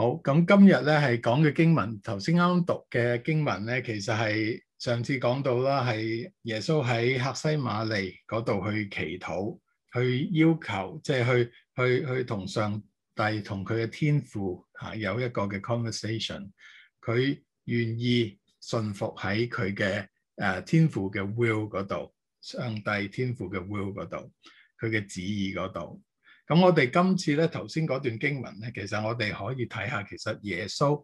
好咁，今日咧係講嘅經文，頭先啱啱讀嘅經文咧，其實係上次講到啦，係耶穌喺客西馬尼嗰度去祈禱，去要求，即係去去去同上帝同佢嘅天父啊，有一個嘅 conversation，佢願意順服喺佢嘅誒天父嘅 will 嗰度，上帝天父嘅 will 嗰度，佢嘅旨意嗰度。咁我哋今次咧，頭先嗰段經文咧，其實我哋可以睇下，其實耶穌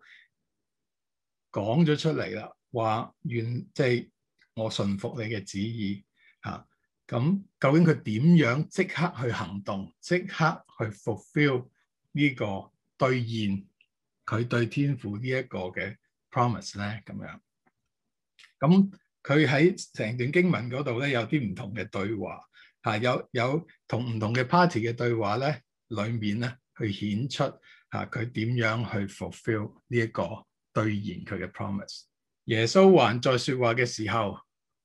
講咗出嚟啦，話願即係我順服你嘅旨意嚇。咁、啊、究竟佢點樣即刻去行動，即刻去 fulfill 呢個兌現佢對天父呢一個嘅 promise 咧？咁樣，咁佢喺成段經文嗰度咧有啲唔同嘅對話。啊！有有同唔同嘅 party 嘅對話咧，裏面咧去顯出啊，佢點樣去 fulfill 呢、這、一個兌現佢嘅 promise。耶穌還在說話嘅時候，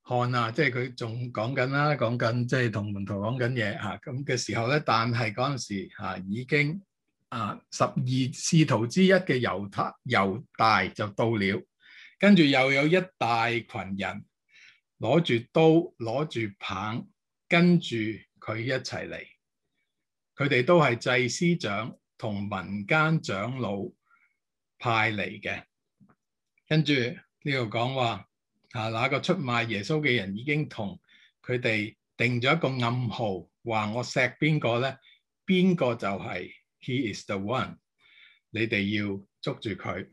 看啊，即係佢仲講緊啦，講緊即係同門徒講緊嘢嚇。咁、啊、嘅時候咧，但係嗰陣時、啊、已經啊，十二使徒之一嘅猶太猶大就到了，跟住又有一大群人攞住刀攞住棒。跟住佢一齊嚟，佢哋都係祭司長同民間長老派嚟嘅。跟住呢度講話，啊，那個出賣耶穌嘅人已經同佢哋定咗一個暗號，話我錫邊個咧，邊個就係 He is the one，你哋要捉住佢。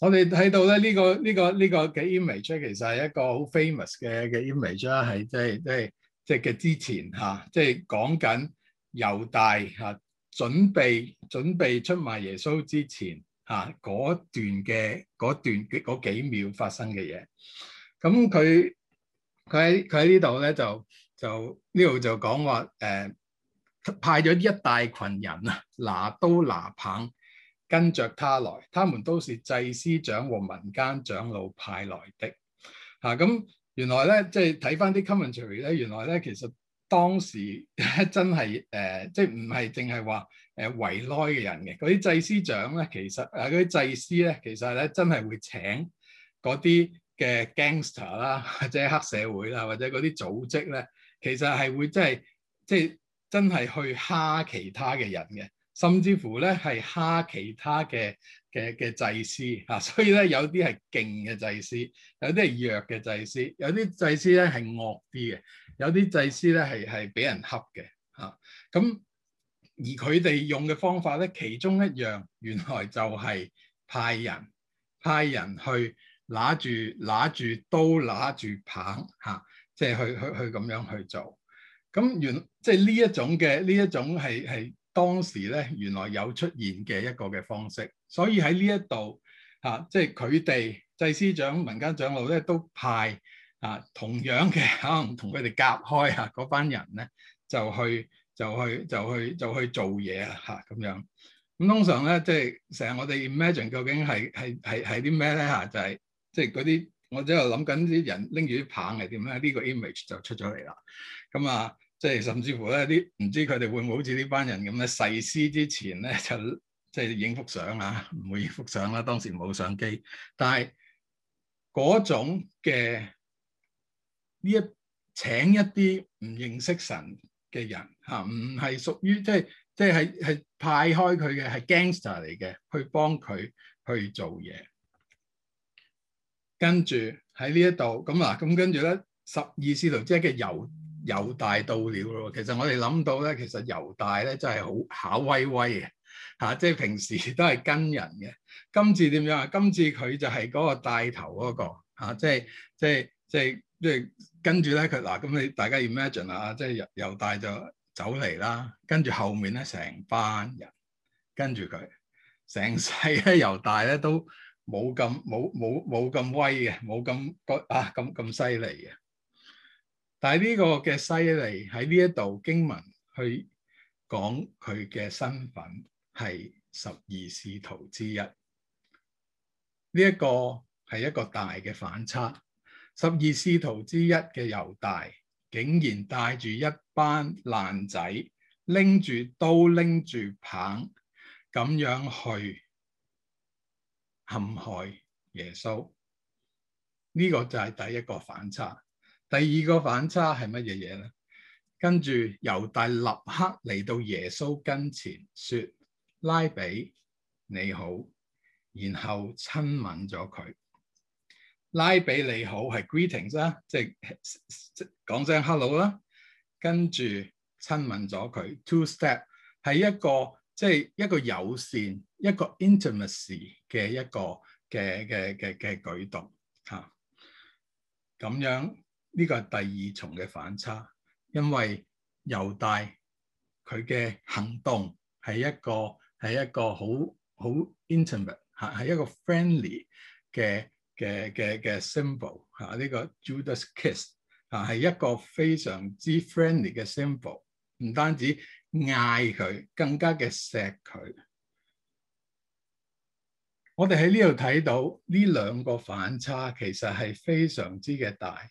我哋睇到咧，呢、這個呢、這個呢嘅、這個、image 其實係一個好 famous 嘅嘅 image 啦、就是，係即係即係即係嘅之前嚇即係講緊猶大嚇、啊、準，準備出賣耶穌之前嚇嗰、啊、段嘅嗰段嗰幾秒發生嘅嘢。咁佢佢喺佢喺呢度咧就就呢度就講話、呃、派咗一大群人啊，拿刀拿棒。跟着他來，他們都是祭司長和民間長老派來的。嚇咁原來咧，即係睇翻啲 commentary 咧，原來咧其實當時真係誒、呃，即係唔係淨係話誒圍內嘅人嘅嗰啲祭司長咧，其實啊嗰啲祭司咧，其實咧真係會請嗰啲嘅 gangster 啦，或者黑社會啦，或者嗰啲組織咧，其實係會真係即係真係去蝦其他嘅人嘅。甚至乎咧，係蝦其他嘅嘅嘅祭司嚇，所以咧有啲係勁嘅祭司，有啲係弱嘅祭司，有啲祭司咧係惡啲嘅，有啲祭司咧係係俾人恰嘅嚇。咁而佢哋用嘅方法咧，其中一樣原來就係派人派人去拿住拿住刀拿住棒嚇，即係去去去咁樣去做。咁原即係呢一種嘅呢一種係係。當時咧原來有出現嘅一個嘅方式，所以喺呢一度嚇，即係佢哋祭司長、民間長老咧都派啊同樣嘅，可能同佢哋隔開嚇嗰班人咧，就去就去就去就去，就去做嘢啦嚇咁樣。咁通常咧即係成日我哋 imagine 究竟係係係係啲咩咧嚇？就係即係嗰啲我喺度諗緊啲人拎住啲棒係點咧？呢個 image 就出咗嚟啦。咁啊～即係甚至乎咧啲唔知佢哋會唔會好似呢班人咁咧，誓師之前咧就即係影幅相啊，唔會影幅相啦，當時冇相機。但係嗰種嘅呢一請一啲唔認識神嘅人嚇，唔係屬於即係即係係係派開佢嘅係 gangster 嚟嘅，去幫佢去做嘢。跟住喺呢一度咁啊，咁跟住咧十二使徒之一嘅猶。猶大到了咯，其實我哋諗到咧，其實猶大咧真係好巧威威嘅嚇，即係平時都係跟人嘅。今次點樣啊？今次佢就係嗰個帶頭嗰個嚇，即係即係即係即係跟住咧佢嗱，咁你大家要 imagine 啊，即係、啊啊、猶猶大就走嚟啦，跟住後面咧成班人跟住佢，成世咧猶大咧都冇咁冇冇冇咁威嘅，冇咁啊咁咁犀利嘅。但係呢個嘅犀利喺呢一度經文去講佢嘅身份係十二使徒之一，呢、這、一個係一個大嘅反差。十二使徒之一嘅猶大竟然帶住一班爛仔，拎住刀拎住棒咁樣去陷害耶穌，呢、這個就係第一個反差。第二個反差係乜嘢嘢咧？跟住猶大立刻嚟到耶穌跟前說，說拉比你好，然後親吻咗佢。拉比你好係 greetings 啦、啊，即係講聲 hello 啦、啊，跟住親吻咗佢。Two step 係一個即係、就是、一個友善、一個 intimacy 嘅一個嘅嘅嘅嘅舉動吓，咁、啊、樣。呢個係第二重嘅反差，因為猶大佢嘅行動係一個係一個好好 intimate 嚇，係一個 friendly 嘅嘅嘅嘅 symbol 呢、啊呢個 Judas kiss 啊，係一個非常之 friendly 嘅 symbol，唔單止嗌佢，更加嘅錫佢。我哋喺呢度睇到呢兩個反差，其實係非常之嘅大。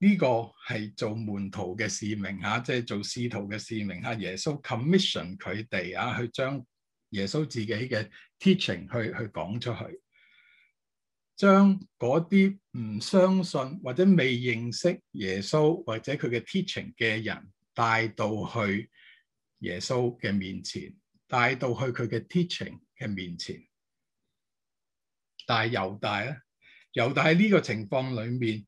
呢個係做門徒嘅使命，吓，即係做使徒嘅使命。吓。耶穌 commission 佢哋啊，去將耶穌自己嘅 teaching 去去講出去，將嗰啲唔相信或者未認識耶穌或者佢嘅 teaching 嘅人帶到去耶穌嘅面前，帶到去佢嘅 teaching 嘅面前。但係猶大咧，猶大喺呢個情況裏面。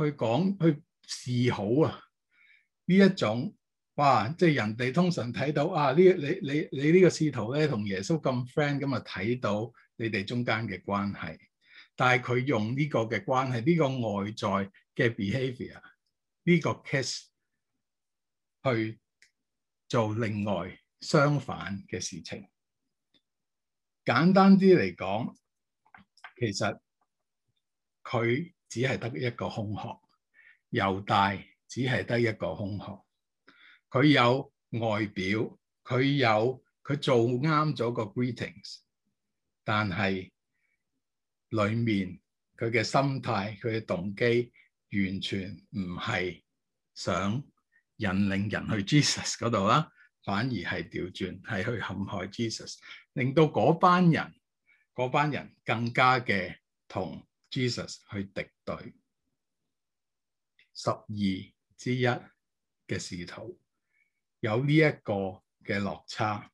去講去示好啊！呢一種哇，即係人哋通常睇到啊，呢你你你呢個師徒咧同耶穌咁 friend，咁啊睇到你哋中間嘅關係。但係佢用呢個嘅關係，呢個外在嘅 behavior，呢個 case 去做另外相反嘅事情。簡單啲嚟講，其實佢。只係得一個空殼，猶大只係得一個空殼。佢有外表，佢有佢做啱咗個 greetings，但係裏面佢嘅心態、佢嘅動機完全唔係想引領人去 Jesus 嗰度啦，反而係調轉，係去陷害 Jesus，令到嗰班人、嗰班人更加嘅同。Jesus 去敵對十二之一嘅使徒，有呢一個嘅落差，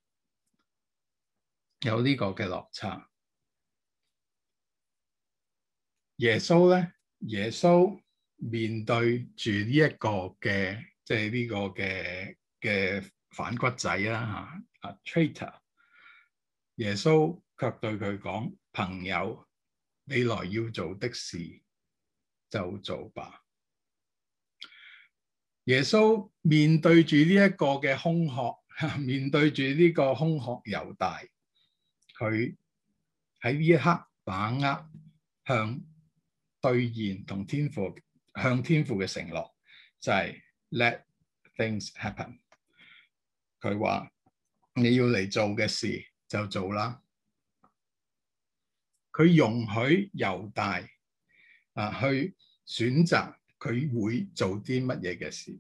有呢個嘅落差。耶穌咧，耶穌面對住呢一個嘅，即係呢個嘅嘅反骨仔啦吓啊，traitor。耶穌卻對佢講：朋友。未來要做的事就做吧。耶穌面對住呢一個嘅空殼，面對住呢個空殼猶大，佢喺呢一刻把握向兌現同天父向天父嘅承諾，就係、是、Let things happen。佢話你要嚟做嘅事就做啦。佢容許猶大啊去選擇佢會做啲乜嘢嘅事，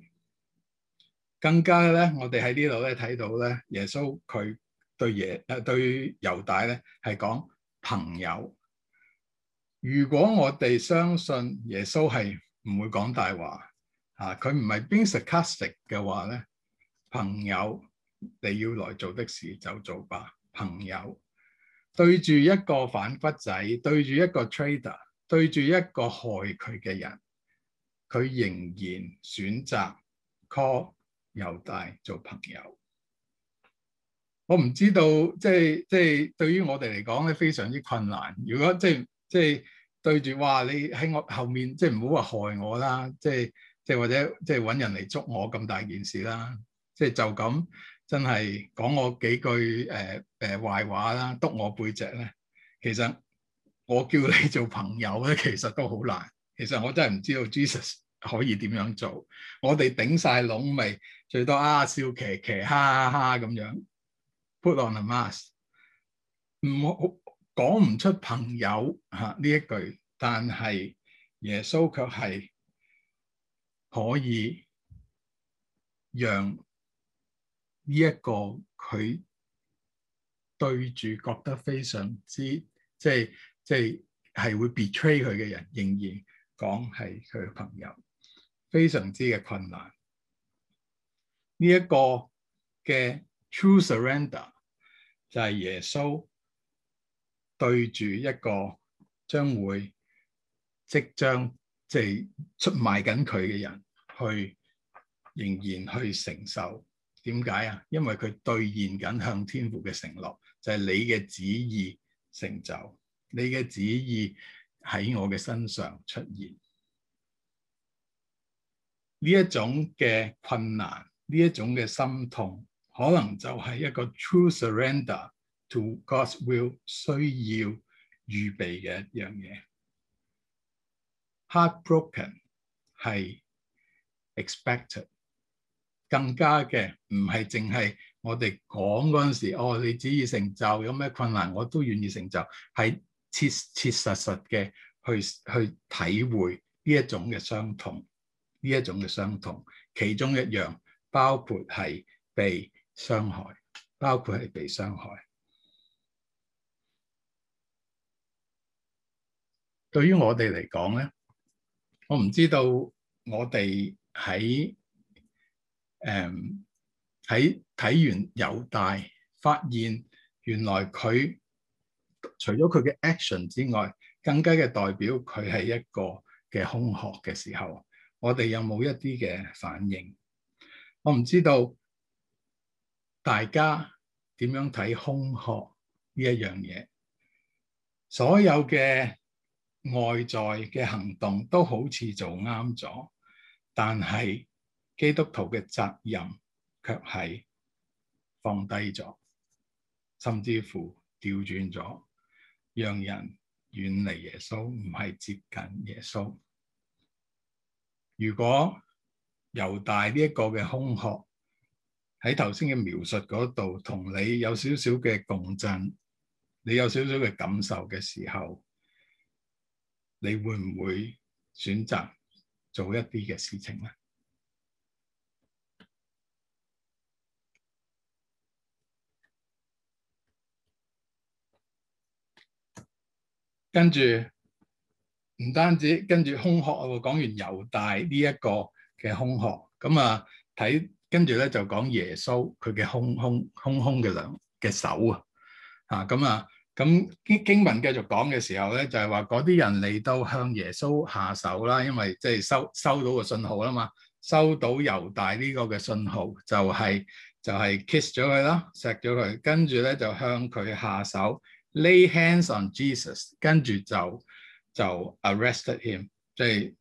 更加咧，我哋喺呢度咧睇到咧，耶穌佢對耶啊對猶大咧係講朋友。如果我哋相信耶穌係唔會講大話啊，佢唔係 being sarcastic 嘅話咧，朋友，你要來做的事就做吧，朋友。對住一個反骨仔，對住一個 trader，對住一個害佢嘅人，佢仍然選擇 call 猶大做朋友。我唔知道，即係即係對於我哋嚟講咧，非常之困難。如果即係即係對住，哇！你喺我後面，即係唔好話害我啦，即係即係或者即係揾人嚟捉我咁大件事啦，即係就咁、是。真係講我幾句誒誒壞話啦，督我背脊咧。其實我叫你做朋友咧，其實都好難。其實我真係唔知道 Jesus 可以點樣做。我哋頂晒籠味，最多啊笑騎騎，哈哈哈咁樣。Put on a mask，唔好講唔出朋友吓呢一句，但係耶穌卻係可以讓。呢一個佢對住覺得非常之即係即係係會 betray 佢嘅人，仍然講係佢嘅朋友，非常之嘅困難。呢一個嘅 true surrender 就係耶穌對住一個將會即將即係出賣緊佢嘅人，去仍然去承受。點解啊？因為佢兌現緊向天父嘅承諾，就係你嘅旨意成就，你嘅旨意喺我嘅身上出現。呢一種嘅困難，呢一種嘅心痛，可能就係一個 true surrender to God's will 需要預備嘅一樣嘢。Heartbroken 係 expected。更加嘅唔係淨係我哋講嗰陣時，哦，你旨意成就有咩困難，我都願意成就，係切切實實嘅去去體會呢一種嘅傷痛，呢一種嘅傷痛，其中一樣包括係被傷害，包括係被傷害。對於我哋嚟講咧，我唔知道我哋喺。誒，睇睇、嗯、完猶大，發現原來佢除咗佢嘅 action 之外，更加嘅代表佢係一個嘅空殼嘅時候，我哋有冇一啲嘅反應？我唔知道大家點樣睇空殼呢一樣嘢？所有嘅外在嘅行動都好似做啱咗，但係。基督徒嘅責任卻係放低咗，甚至乎調轉咗，讓人遠離耶穌，唔係接近耶穌。如果猶大呢一個嘅空殼喺頭先嘅描述嗰度，同你有少少嘅共振，你有少少嘅感受嘅時候，你會唔會選擇做一啲嘅事情咧？跟住唔單止，跟住空殼，我講完猶大呢一個嘅空殼，咁啊睇，跟住咧就講耶穌佢嘅空空空空嘅兩嘅手啊！啊咁啊，咁經經文繼續講嘅時候咧，就係話嗰啲人嚟到向耶穌下手啦，因為即係收收到個信號啦嘛，收到猶大呢個嘅信號，就係就係 kiss 咗佢啦，錫咗佢，跟住咧就向佢下手。Lay hands on Jesus，跟住就就 arrested him，即係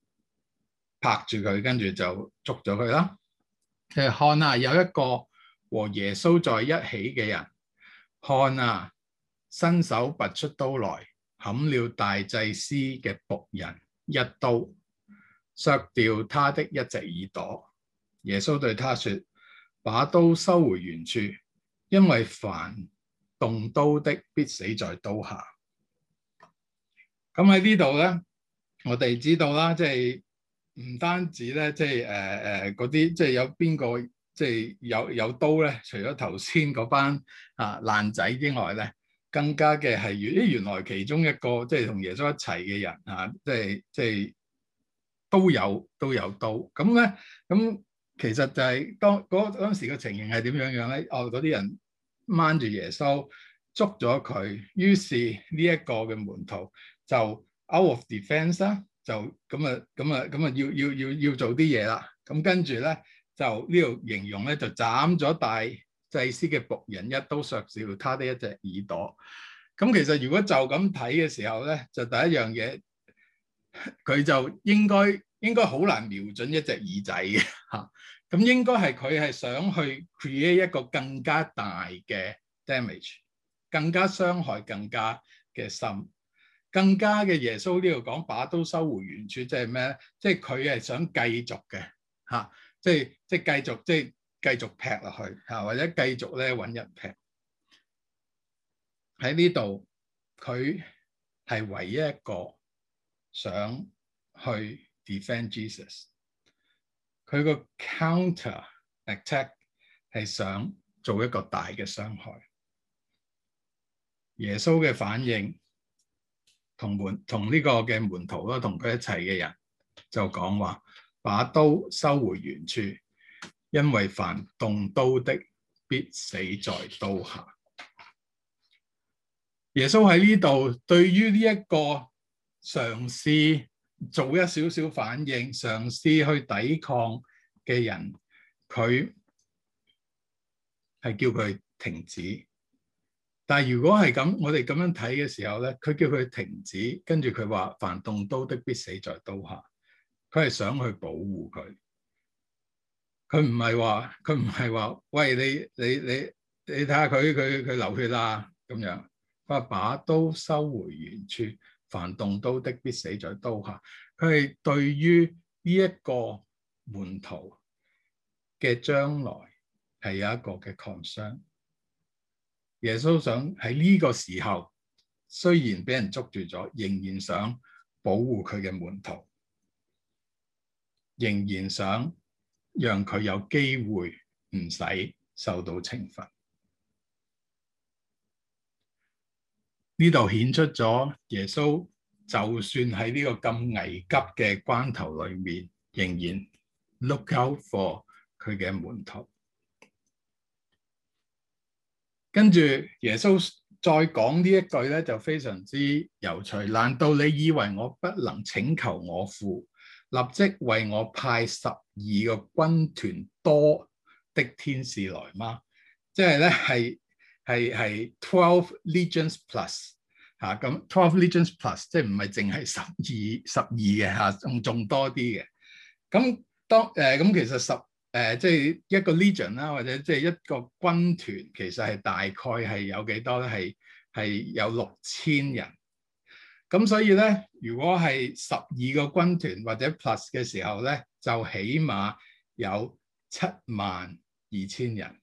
拍住佢，跟住就捉咗佢啦。其實看啊，有一個和耶穌在一起嘅人，看啊，伸手拔出刀來，砍了大祭司嘅僕人一刀，削掉他的一隻耳朵。耶穌對他説：把刀收回原處，因為凡用刀的必死在刀下。咁喺呢度咧，我哋知道啦，即係唔單止咧，即係誒誒嗰啲，即、呃、係、呃就是、有邊個，即、就、係、是、有有刀咧？除咗頭先嗰班啊爛仔之外咧，更加嘅係原，原來其中一個即係同耶穌一齊嘅人啊，即係即係都有都有刀。咁咧，咁其實就係當嗰嗰陣時嘅情形係點樣樣咧？哦，嗰啲人。掹住耶穌，捉咗佢，於是呢一個嘅門徒就 out of defense 啦，就咁啊，咁啊，咁啊，要要要要做啲嘢啦，咁跟住咧就呢度形容咧就斬咗大祭司嘅僕人一刀，削少他的一隻耳朵。咁、嗯、其實如果就咁睇嘅時候咧，就第一樣嘢佢就應該。應該好難瞄準一隻耳仔嘅嚇，咁、啊、應該係佢係想去 create 一個更加大嘅 damage，更加傷害，更加嘅深，更加嘅耶穌呢度講把刀收回原處，即係咩咧？即係佢係想繼續嘅嚇、啊，即係即係繼續即係繼續劈落去嚇、啊，或者繼續咧揾人劈。喺呢度佢係唯一一個想去。Defend Jesus，佢個 counter attack 係想做一個大嘅傷害。耶穌嘅反應同門同呢個嘅門徒啦，同佢一齊嘅人就講話：把刀收回原處，因為凡動刀的必死在刀下。耶穌喺呢度對於呢一個嘗試。做一少少反應，嘗試去抵抗嘅人，佢係叫佢停止。但係如果係咁，我哋咁樣睇嘅時候咧，佢叫佢停止，跟住佢話凡動刀的必死在刀下，佢係想去保護佢，佢唔係話佢唔係話，喂，你你你你睇下佢佢佢流血喇咁樣，佢話把刀收回原處。凡動刀的必死在刀下，佢係對於呢一個門徒嘅將來係有一個嘅抗傷。耶穌想喺呢個時候，雖然俾人捉住咗，仍然想保護佢嘅門徒，仍然想讓佢有機會唔使受到懲罰。呢度顯出咗耶穌，就算喺呢個咁危急嘅關頭裏面，仍然 look out for 佢嘅門徒。跟住耶穌再講呢一句咧，就非常之有趣。難道你以為我不能請求我父立即為我派十二個軍團多的天使來嗎？即係咧係。係係 twelve legions plus 吓，啊，咁 twelve legions plus，即係唔係淨係十二十二嘅吓，仲仲多啲嘅，咁當誒，咁，呃，其實十，誒，即係一個 legion 啦，或者即係一個軍團，其實係大概係有幾多咧？係係有六千人。咁所以咧，如果係十二個軍團或者 plus 嘅時候咧，就起碼有七萬二千人，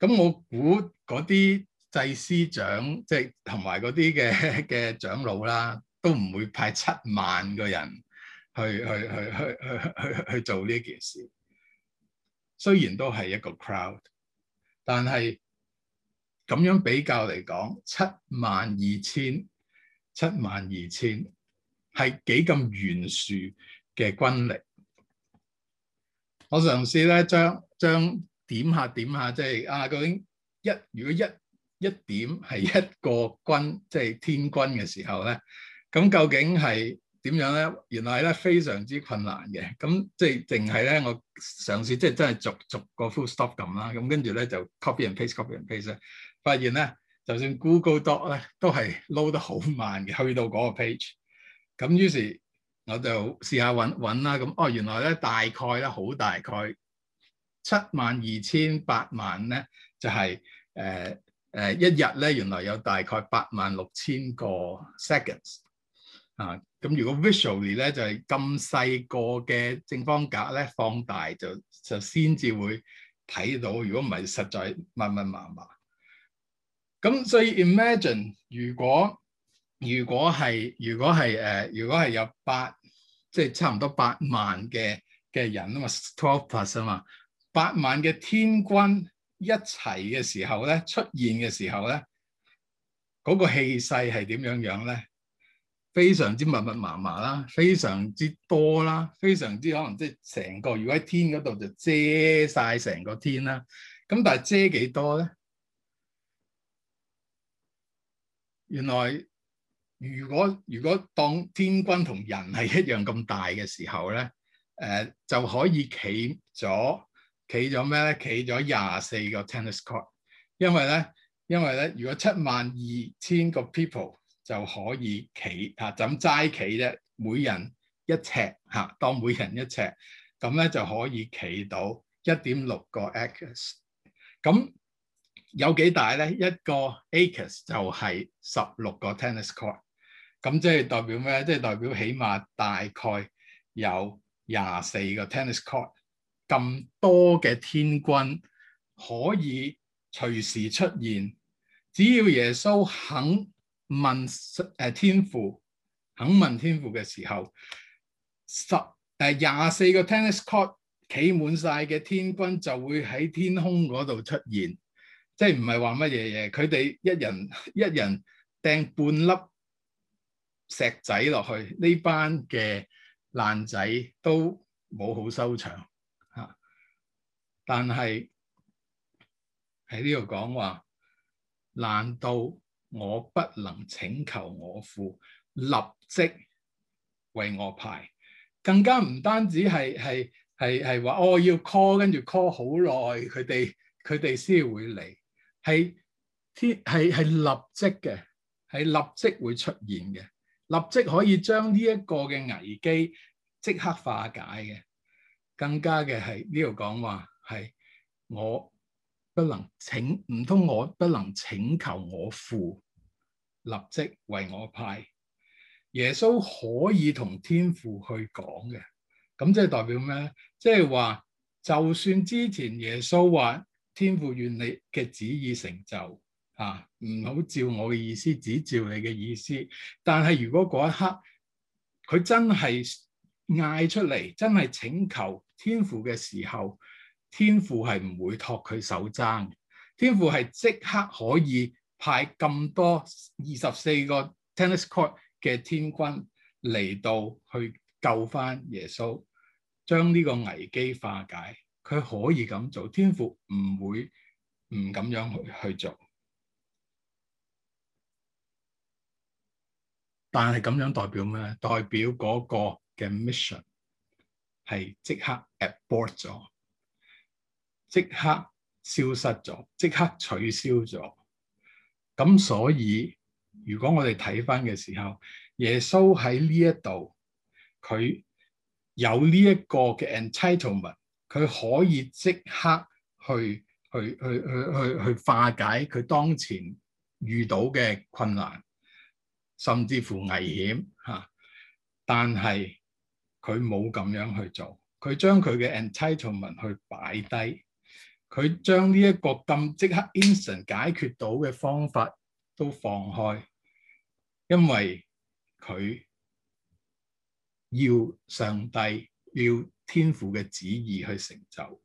咁我估。嗰啲祭司長即係同埋嗰啲嘅嘅長老啦，都唔會派七萬個人去去去去去去去做呢件事。雖然都係一個 crowd，但係咁樣比較嚟講，七萬二千、七萬二千係幾咁懸殊嘅軍力。我嘗試咧，將將點下點下，即係啊究竟。一如果一一點係一個軍即係、就是、天軍嘅時候咧，咁究竟係點樣咧？原來咧非常之困難嘅，咁即係淨係咧我嘗試即係、就是、真係逐逐個 full stop 咁啦，咁跟住咧就 copy and paste copy and paste，發現咧就算 Google Doc 咧都係 load 得好慢嘅，去到嗰個 page，咁於是我就試下揾揾啦，咁、啊、哦，原來咧大概咧好大概。七萬二千八萬咧，就係誒誒一日咧，原來有大概八萬六千個 seconds 啊。咁如果 visually 咧，就係咁細個嘅正方格咧，放大就就先至會睇到。如果唔係，實在密密麻麻。咁所以 imagine 如果如果係如果係誒、呃、如果係有八即係、就是、差唔多八萬嘅嘅人啊嘛，twelve plus 啊嘛。八萬嘅天軍一齊嘅時候咧，出現嘅時候咧，嗰個氣勢係點樣樣咧？非常之密密麻麻啦，非常之多啦，非常之可能即係成個，如果喺天嗰度就遮晒成個天啦。咁但係遮幾多咧？原來如果如果當天軍同人係一樣咁大嘅時候咧，誒，就可以企咗。企咗咩咧？企咗廿四個 tennis court，因為咧，因為咧，如果七萬二千個 people 就可以企嚇，咁齋企啫？每人一尺嚇，當每人一尺，咁咧就可以企到一點六個 acres。咁有幾大咧？一個 acres 就係十六個 tennis court，咁即係代表咩咧？即係代表起碼大概有廿四個 tennis court。咁多嘅天軍可以隨時出現，只要耶穌肯問誒，天父肯問天父嘅時候，十、誒，廿四個 tennis court 企滿晒嘅天軍就會喺天空嗰度出現，即係唔係話乜嘢嘢？佢哋一人一人掟半粒石仔落去，呢班嘅爛仔都冇好收場。但係喺呢度講話，難道我不能請求我父立即為我派？更加唔單止係係係係話，我、哦、要 call 跟住 call 好耐，佢哋佢哋先會嚟。係天係，係立即嘅，係立即會出現嘅，立即可以將呢一個嘅危機即刻化解嘅。更加嘅係呢度講話。係我不能請，唔通我不能請求我父立即為我派？耶穌可以同天父去講嘅，咁即係代表咩咧？即係話，就算之前耶穌話天父願你嘅旨意成就，啊，唔好照我嘅意思，只照你嘅意思。但係如果嗰一刻佢真係嗌出嚟，真係請求天父嘅時候。天父係唔會托佢手踭，天父係即刻可以派咁多二十四個 tennis court 嘅天軍嚟到去救翻耶穌，將呢個危機化解。佢可以咁做，天父唔會唔咁樣去去做。但係咁樣代表咩？代表嗰個嘅 mission 係即刻 abort 咗。即刻消失咗，即刻取消咗。咁所以，如果我哋睇返嘅時候，耶穌喺呢一度，佢有呢一個嘅 entitlement，佢可以即刻去去去去去去化解佢當前遇到嘅困難，甚至乎危險嚇。但係佢冇咁樣去做，佢將佢嘅 entitlement 去擺低。佢將呢一個咁即刻 instant 解決到嘅方法都放開，因為佢要上帝要天父嘅旨意去成就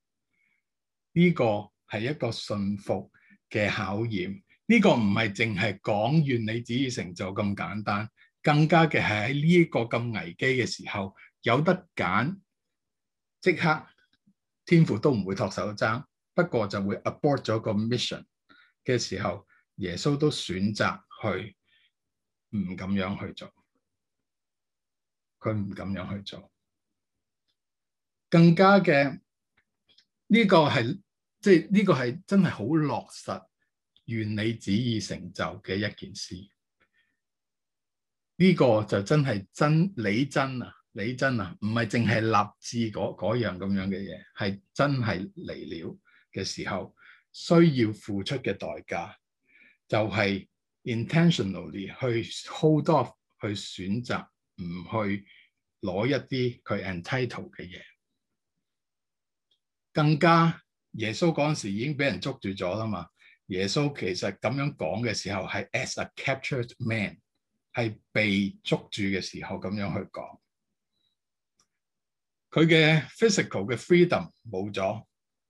呢、這個係一個信服嘅考驗。呢、這個唔係淨係講願你旨意成就咁簡單，更加嘅係喺呢一個咁危機嘅時候有得揀，即刻天父都唔會托手踭。不過就會 abort 咗個 mission 嘅時候，耶穌都選擇去唔咁樣去做，佢唔咁樣去做，更加嘅呢個係即係呢個係真係好落實願你旨意成就嘅一件事。呢個就真係真理真啊，理真啊，唔係淨係立志嗰樣咁樣嘅嘢，係真係嚟了。嘅時候需要付出嘅代價，就係 intentionally 去 hold off 去選擇唔去攞一啲佢 entitle 嘅嘢，更加耶穌嗰時已經俾人捉住咗啦嘛。耶穌其實咁樣講嘅時候係 as a captured man，係被捉住嘅時候咁樣去講。佢嘅 physical 嘅 freedom 冇咗。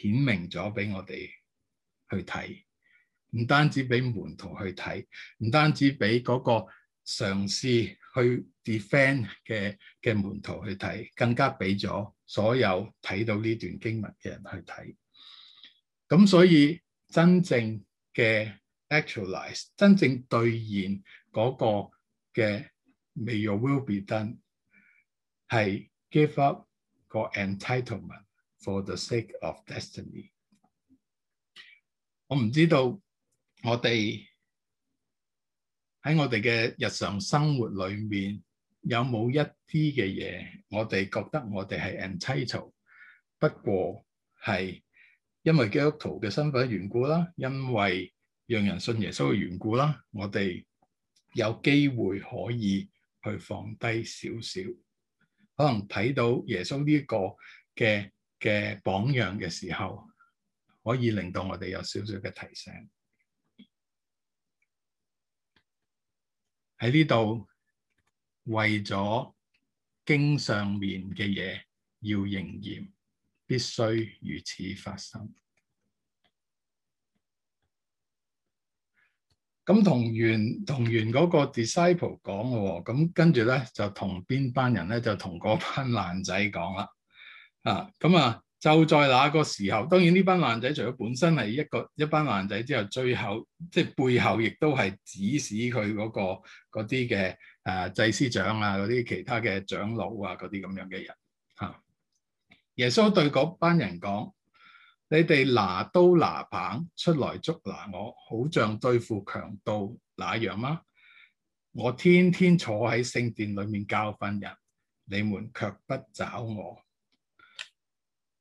顯明咗俾我哋去睇，唔單止俾門徒去睇，唔單止俾嗰個嘗試去 defend 嘅嘅門徒去睇，更加俾咗所有睇到呢段經文嘅人去睇。咁所以真正嘅 actualize，真正兌現嗰個嘅 may your will be done，係 give up 個 entitlement。For the sake of destiny，我唔知道我哋喺我哋嘅日常生活裏面有冇一啲嘅嘢，我哋覺得我哋係 entitled，不過係因為基督徒嘅身份嘅緣故啦，因為讓人信耶穌嘅緣故啦，我哋有機會可以去放低少少，可能睇到耶穌呢個嘅。嘅榜樣嘅時候，可以令到我哋有少少嘅提醒。喺呢度，為咗經上面嘅嘢要仍然必須如此發生。咁同完同完嗰個 disciple 講嘅喎，咁跟住咧就同邊班人咧就同嗰班爛仔講啦。啊，咁啊，就在那個時候，當然呢班爛仔，除咗本身係一個一班爛仔之後，最後即係背後亦都係指使佢嗰個嗰啲嘅誒祭司長啊，嗰啲其他嘅長老啊，嗰啲咁樣嘅人吓。啊。耶穌對嗰班人講：你哋拿刀拿棒出來捉拿我，好像對付強盜那樣嗎？我天天坐喺聖殿裏面教訓人，你們卻不找我。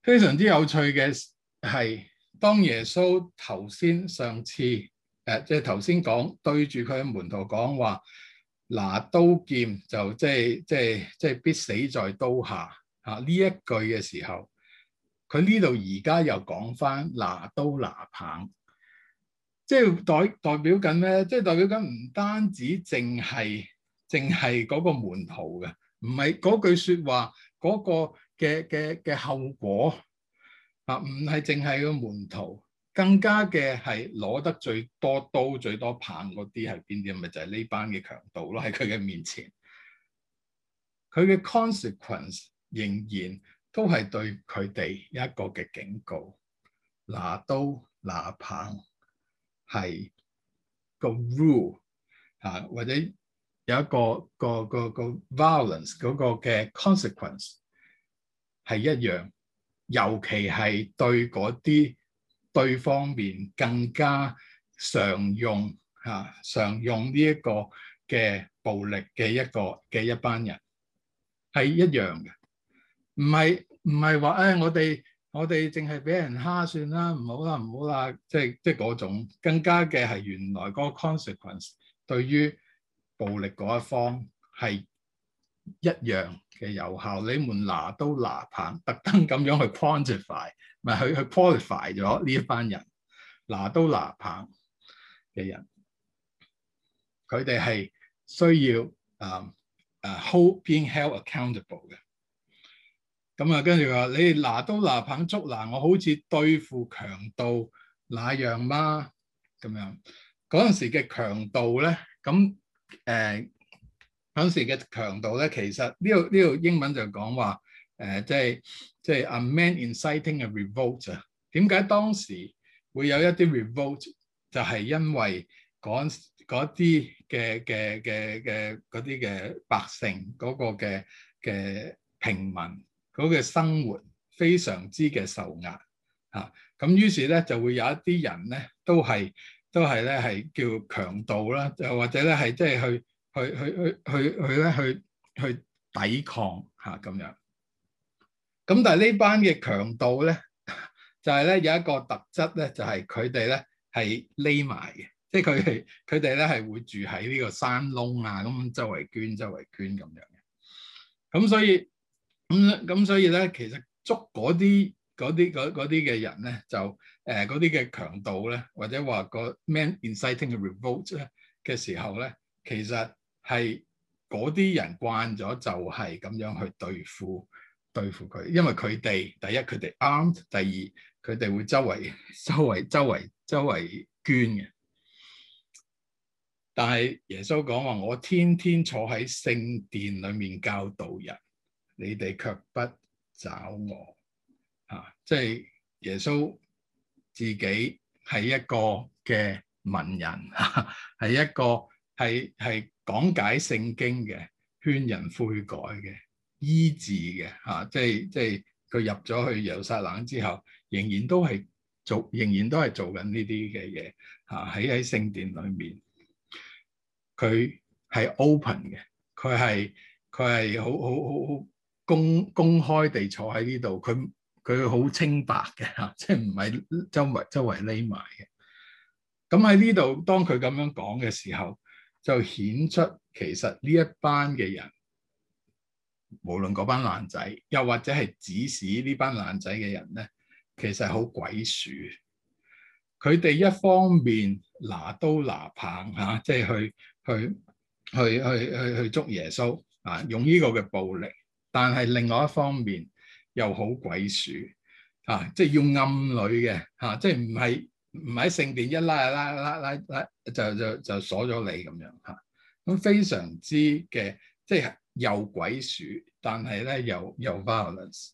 非常之有趣嘅係，當耶穌頭先上次，誒，即係頭先講對住佢嘅門徒講話，拿刀劍就即係即係即係必死在刀下啊！呢一句嘅時候，佢呢度而家又講翻拿刀拿棒，即係代代表緊咧，即係代表緊唔單止淨係淨係嗰個門徒嘅，唔係嗰句說話嗰個。嘅嘅嘅後果啊，唔係淨係個門徒，更加嘅係攞得最多刀最多棒嗰啲係邊啲？咪就係、是、呢班嘅強盜咯。喺佢嘅面前，佢嘅 consequence 仍然都係對佢哋一個嘅警告。拿刀拿棒係個 rule 啊，或者有一個個個個個 violence 嗰個嘅 consequence。係一樣，尤其係對嗰啲對方面更加常用嚇、常用呢一個嘅暴力嘅一個嘅一班人係一樣嘅，唔係唔係話誒，我哋我哋淨係俾人蝦算啦，唔好啦，唔好啦，即係即係嗰種更加嘅係原來嗰個 consequence 對於暴力嗰一方係一樣。嘅有效，你們拿刀拿棒，特登咁樣去 quantify，咪去去 qualify 咗呢一班人拿刀拿棒嘅人，佢哋係需要誒誒 hope being held accountable 嘅。咁啊，跟住話你拿刀拿棒捉拿，我好似對付強盜那樣嘛？咁樣嗰陣時嘅強盜咧，咁誒。欸嗰時嘅強盜咧，其實呢個呢個英文就講話，誒即係即係 a man inciting a revolt 啊？點解當時會有一啲 revolt？就係因為嗰啲嘅嘅嘅嘅啲嘅百姓嗰個嘅嘅平民嗰個生活非常之嘅受壓啊！咁於是咧就會有一啲人咧都係都係咧係叫強盜啦，又或者咧係即係去。去去去去去咧，去去，去，去，去抵抗吓咁樣。咁但係呢班嘅強盜咧，就係咧有一個特質咧，就係佢哋咧係匿埋嘅，即係佢哋佢哋咧係會住喺呢個山窿啊，咁周圍捐、周圍捐，咁樣嘅。咁、啊、所以咁咁、嗯啊、所以咧，其實捉嗰啲嗰啲嗰啲嘅人咧，就誒嗰啲嘅強盜咧，或者話個咩 inciting 嘅 revolt 咧嘅時候咧，其實係嗰啲人慣咗就係咁樣去對付對付佢，因為佢哋第一佢哋啱，armed, 第二佢哋會周圍周圍周圍周圍捐嘅。但係耶穌講話：我天天坐喺聖殿裡面教導人，你哋卻不找我啊！即係耶穌自己係一個嘅文人，係，啊，一個，係係。講解聖經嘅，勸人悔改嘅，醫治嘅，吓、啊，即係即係佢入咗去耶路撒冷之後，仍然都係做，仍然都係做緊呢啲嘅嘢，吓、啊，喺喺聖殿裏面，佢係 open 嘅，佢係佢係好好好好公公開地坐喺呢度，佢佢好清白嘅，吓、啊，即係唔係周圍周圍匿埋嘅。咁喺呢度，當佢咁樣講嘅時候。就顯出其實呢一班嘅人，無論嗰班爛仔，又或者係指使呢班爛仔嘅人咧，其實好鬼鼠。佢哋一方面拿刀拿棒嚇，即係啊，去去去去去去捉耶穌啊，用呢個嘅暴力；但係另外一方面又好鬼鼠嚇，即係啊，要暗女嘅嚇，即係唔係。就是唔喺聖殿一拉拉拉拉拉，拉就就就鎖咗你咁樣嚇，咁非常之嘅，即、就、係、是、有鬼鼠，但係咧又又 violence。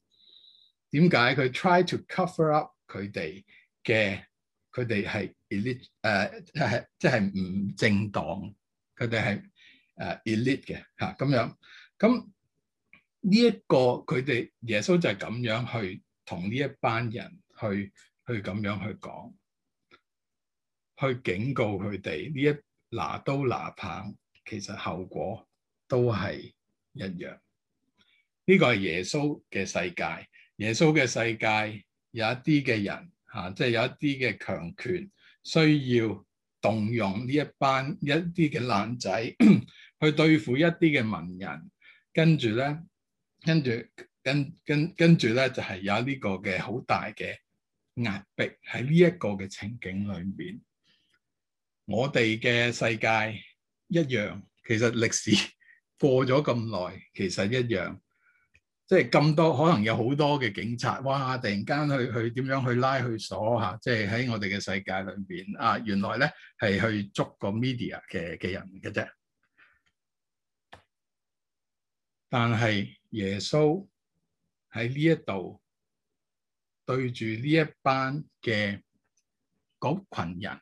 點解佢 try to cover up 佢哋嘅？佢哋係 elite 誒、呃，即係唔正當，佢哋係誒 elite 嘅嚇咁樣。咁呢一個佢哋耶穌就係咁樣去同呢一班人去去咁樣去講。去警告佢哋呢一拿刀拿棒，其實後果都係一樣。呢個係耶穌嘅世界，耶穌嘅世界有一啲嘅人吓，即係有一啲嘅強權需要動用呢一班一啲嘅爛仔 去對付一啲嘅文人，跟住咧，跟住跟跟跟住咧，就係有呢個嘅好大嘅壓迫喺呢一個嘅情景裏面。我哋嘅世界一樣，其實歷史過咗咁耐，其實一樣，即係咁多可能有好多嘅警察，哇！突然間去去點樣去拉去鎖吓，即係喺我哋嘅世界裏邊啊，原來呢係去捉個 media 嘅嘅人嘅啫。但係耶穌喺呢一度對住呢一班嘅嗰羣人。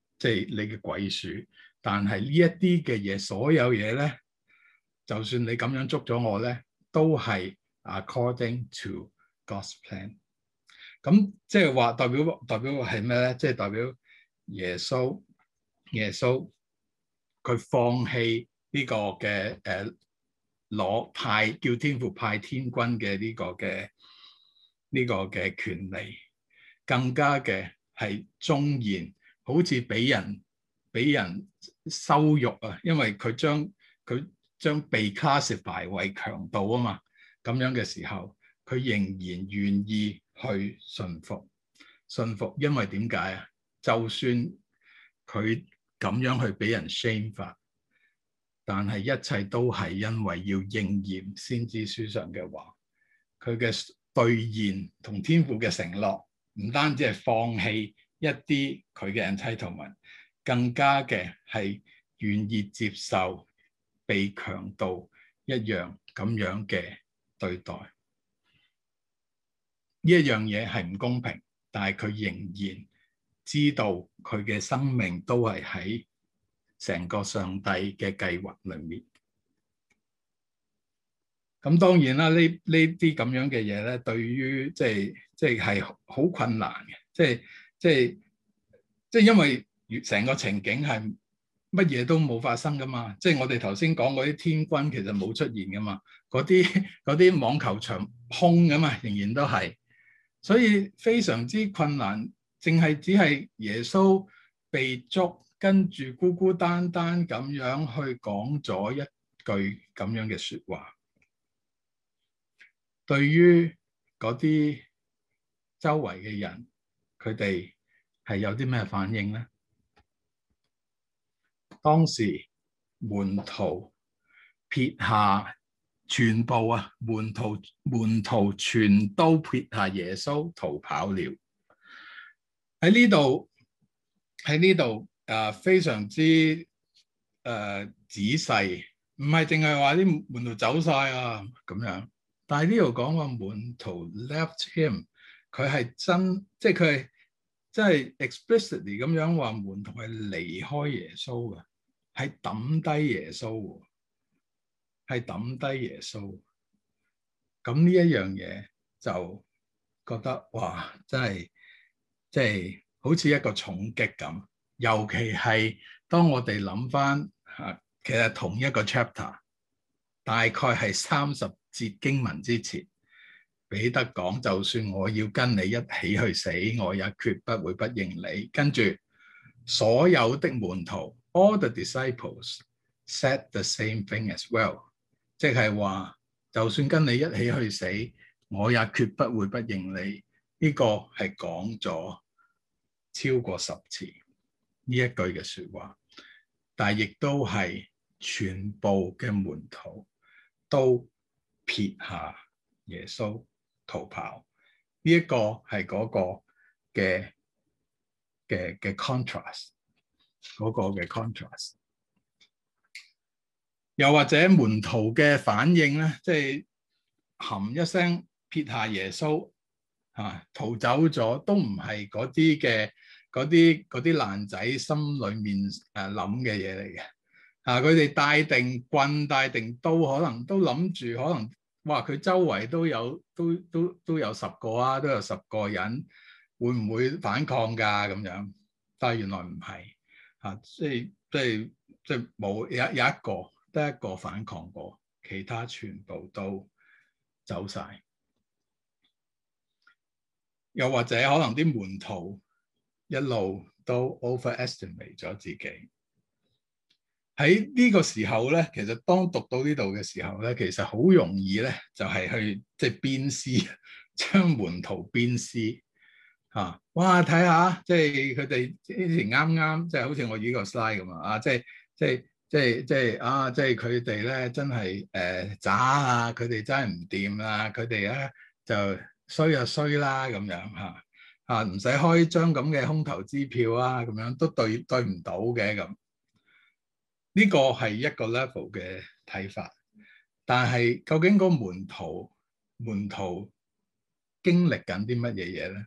即係你嘅鬼鼠，但係呢一啲嘅嘢，所有嘢咧，就算你咁樣捉咗我咧，都係 according to God's plan。咁即係話代表代表係咩咧？即係代表耶穌耶穌，佢放棄呢個嘅誒攞派叫天父派天軍嘅呢個嘅呢個嘅權利，更加嘅係忠言。好似俾人俾人羞辱啊！因為佢將佢將被 classify 為強盜啊嘛，咁樣嘅時候，佢仍然願意去順服，順服，因為點解啊？就算佢咁樣去俾人 shame 法，但係一切都係因為要應驗先知書上嘅話，佢嘅兌現同天父嘅承諾，唔單止係放棄。一啲佢嘅 entitlement 更加嘅係願意接受被強盜一樣咁樣嘅對待。呢一樣嘢係唔公平，但係佢仍然知道佢嘅生命都係喺成個上帝嘅計劃裏面。咁當然啦，呢呢啲咁樣嘅嘢咧，對於即係即係係好困難嘅，即係。即係即係，因為成個情景係乜嘢都冇發生噶嘛。即係我哋頭先講嗰啲天軍其實冇出現噶嘛，嗰啲嗰啲網球場空噶嘛，仍然都係，所以非常之困難。淨係只係耶穌被捉，跟住孤孤單單咁樣去講咗一句咁樣嘅説話，對於嗰啲周圍嘅人。佢哋係有啲咩反應咧？當時門徒撇下全部啊，門徒門徒全都撇下耶穌逃跑了。喺呢度，喺呢度，誒、啊、非常之誒、啊、仔細，唔係淨係話啲門徒走晒啊咁樣。但係呢度講話門徒 left him。佢係真，即係佢係即係 explicitly 咁樣話，門徒係離開耶穌嘅，係抌低耶穌，係抌低耶穌。咁呢一樣嘢就覺得哇，真係即係好似一個重擊咁。尤其係當我哋諗翻吓，其實同一個 chapter 大概係三十節經文之前。彼得講：就算我要跟你一起去死，我也決不會不認你。跟住，所有的門徒，all the disciples said the same thing as well，即係話，就算跟你一起去死，我也決不會不認你。呢個係講咗超過十次呢一句嘅說話，但係亦都係全部嘅門徒都撇下耶穌。逃跑呢一個係嗰個嘅嘅嘅 contrast，嗰個嘅 contrast，又或者門徒嘅反應咧，即係含一聲撇下耶穌啊，逃走咗，都唔係嗰啲嘅嗰啲嗰啲爛仔心裏面誒諗嘅嘢嚟嘅嚇，佢哋帶定棍帶定刀，可能都諗住可能。哇！佢周圍都有都都都有十個啊，都有十個人，會唔會反抗㗎咁樣？但係原來唔係吓，即係即係即係冇有有一個得一個反抗過，其他全部都走晒。又或者可能啲門徒一路都 overestimate 咗自己。喺呢個時候咧，其實當讀到呢度嘅時候咧，其實好容易咧，就係去即係鞭屍，將門徒鞭屍啊！哇，睇下即係佢哋之前啱啱即係好似我呢個 slide 咁啊！即係即係即係即係啊！即係佢哋咧真係誒渣啊！佢哋真係唔掂啦！佢哋咧就衰啊衰啦咁樣吓啊！唔使開張咁嘅空頭支票啊！咁樣都對對唔到嘅咁。呢個係一個 level 嘅睇法，但係究竟個門徒門徒經歷緊啲乜嘢嘢咧？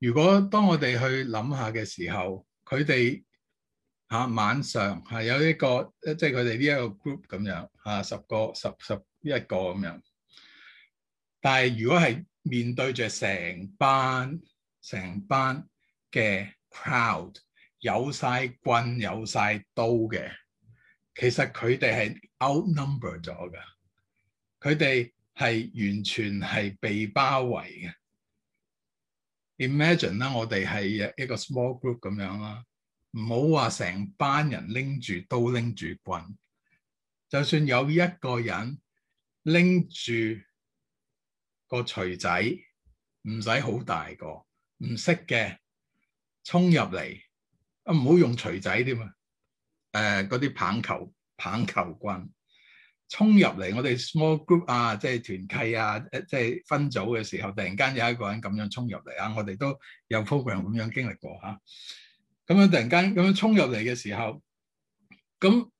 如果當我哋去諗下嘅時候，佢哋嚇晚上係有一個，即係佢哋呢一個 group 咁樣嚇十個，十十一個咁樣，但係如果係面對著成班成班嘅 crowd。有晒棍有晒刀嘅，其實佢哋係 outnumber 咗㗎，佢哋係完全係被包圍嘅。Imagine 啦，我哋係一個 small group 咁樣啦，唔好話成班人拎住刀拎住棍，就算有一個人拎住個錘仔，唔使好大個，唔識嘅衝入嚟。啊！唔好用錘仔添啊！誒、呃，嗰啲棒球棒球棍衝入嚟，我哋 small group 啊，即係團契啊，誒，即係分組嘅時候，突然間有一個人咁樣衝入嚟啊！我哋都有 program 咁樣經歷過嚇、啊。咁樣突然間咁樣衝入嚟嘅時候，咁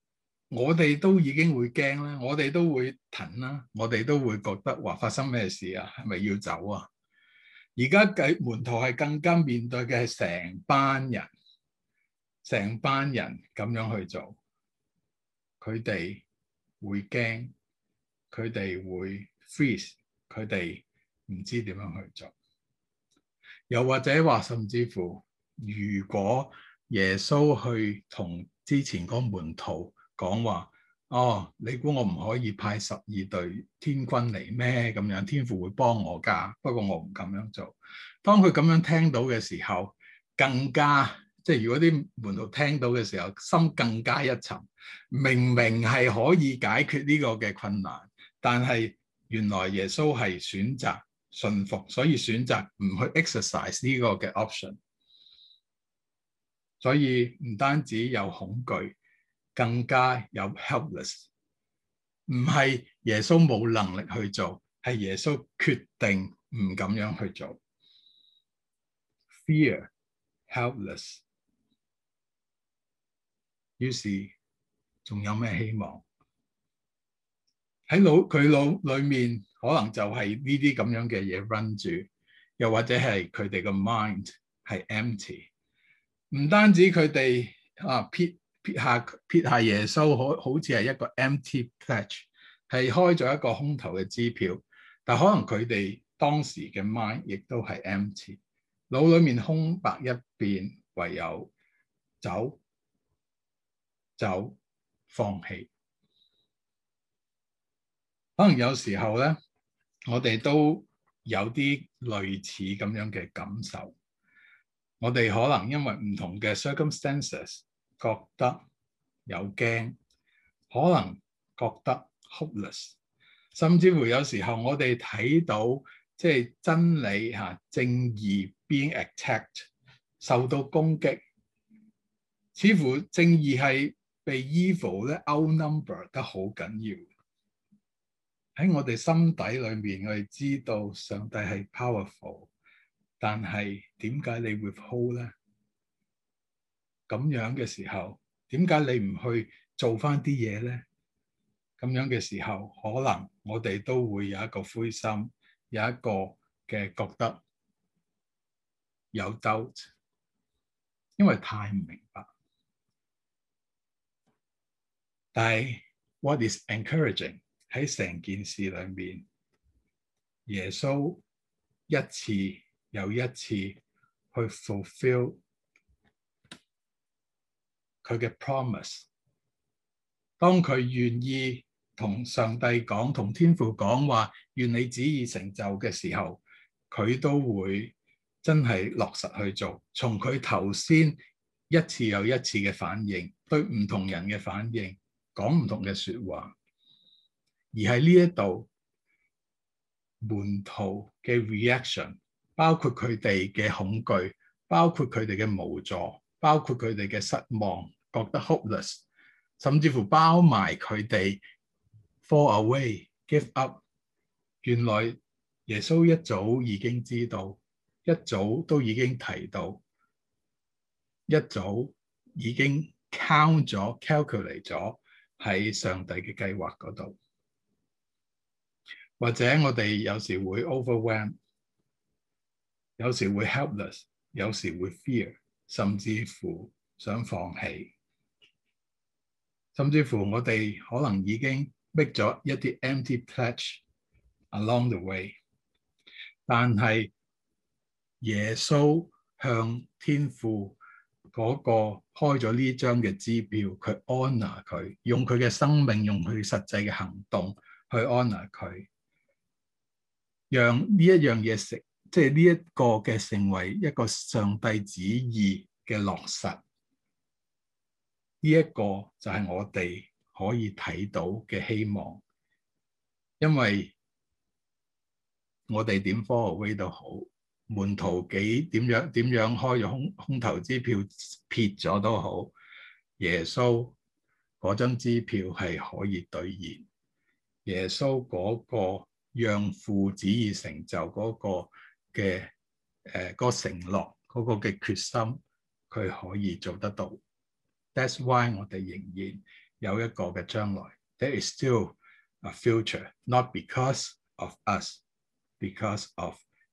我哋都已經會驚啦，我哋都會疼啦，我哋都會覺得話發生咩事啊？係咪要走啊？而家計門徒係更加面對嘅係成班人。成班人咁樣去做，佢哋會驚，佢哋會 freeze，佢哋唔知點樣去做。又或者話，甚至乎，如果耶穌去同之前個門徒講話：「哦，你估我唔可以派十二隊天軍嚟咩？咁樣天父會幫我㗎，不過我唔咁樣做。」當佢咁樣聽到嘅時候，更加。即係如果啲門徒聽到嘅時候，心更加一沉。明明係可以解決呢個嘅困難，但係原來耶穌係選擇信服，所以選擇唔去 exercise 呢個嘅 option。所以唔單止有恐懼，更加有 helpless。唔係耶穌冇能力去做，係耶穌決定唔咁樣去做。Fear, helpless。於是仲有咩希望？喺腦佢腦裏面可能就係呢啲咁樣嘅嘢 run 住，又或者係佢哋嘅 mind 係 empty。唔單止佢哋啊撇撇下撇下耶穌，好好似係一個 empty pledge，係開咗一個空頭嘅支票。但可能佢哋當時嘅 mind 亦都係 empty，腦裏面空白一片，唯有走。就放棄，可能有時候咧，我哋都有啲類似咁樣嘅感受。我哋可能因為唔同嘅 circumstances，覺得有驚，可能覺得 hopeless，甚至乎有時候我哋睇到即係、就是、真理吓正義 being attacked，受到攻擊，似乎正義係。被 evil 咧 outnumber 得好緊要，喺我哋心底裏面，我哋知道上帝係 powerful，但係點解你會 hold 咧？咁樣嘅時候，點解你唔去做返啲嘢咧？咁樣嘅時候，可能我哋都會有一個灰心，有一個嘅覺得有 doubt，因為太唔明白。但係，what is encouraging 喺成件事裏面，耶穌一次又一次去 fulfill 佢嘅 promise。當佢願意同上帝講、同天父講話，願你旨意成就嘅時候，佢都會真係落實去做。從佢頭先一次又一次嘅反應，對唔同人嘅反應，講唔同嘅説話，而喺呢一度門徒嘅 reaction，包括佢哋嘅恐懼，包括佢哋嘅無助，包括佢哋嘅失望，覺得 hopeless，甚至乎包埋佢哋 fall away、give up。原來耶穌一早已經知道，一早都已經提到，一早已經 count 咗、calculate 咗。喺上帝嘅計劃嗰度，或者我哋有時會 overwhelm，有時會 helpless，有時會 fear，甚至乎想放棄，甚至乎我哋可能已經逼咗一啲 empty pledge along the way，但係耶穌向天父。嗰個開咗呢張嘅支票，佢 h o n o r 佢，用佢嘅生命，用佢實際嘅行動去 h o n o r 佢，讓呢一樣嘢食，即係呢一個嘅成為一個上帝旨意嘅落實。呢、這、一個就係我哋可以睇到嘅希望，因為我哋點科 o u 都好。門徒幾點樣點樣開咗空空頭支票撇咗都好，耶穌嗰張支票係可以兌現。耶穌嗰個讓父子以成就嗰個嘅誒嗰個承諾嗰個嘅決心，佢可以做得到。That's why 我哋仍然有一個嘅將來。There is still a future, not because of us, because of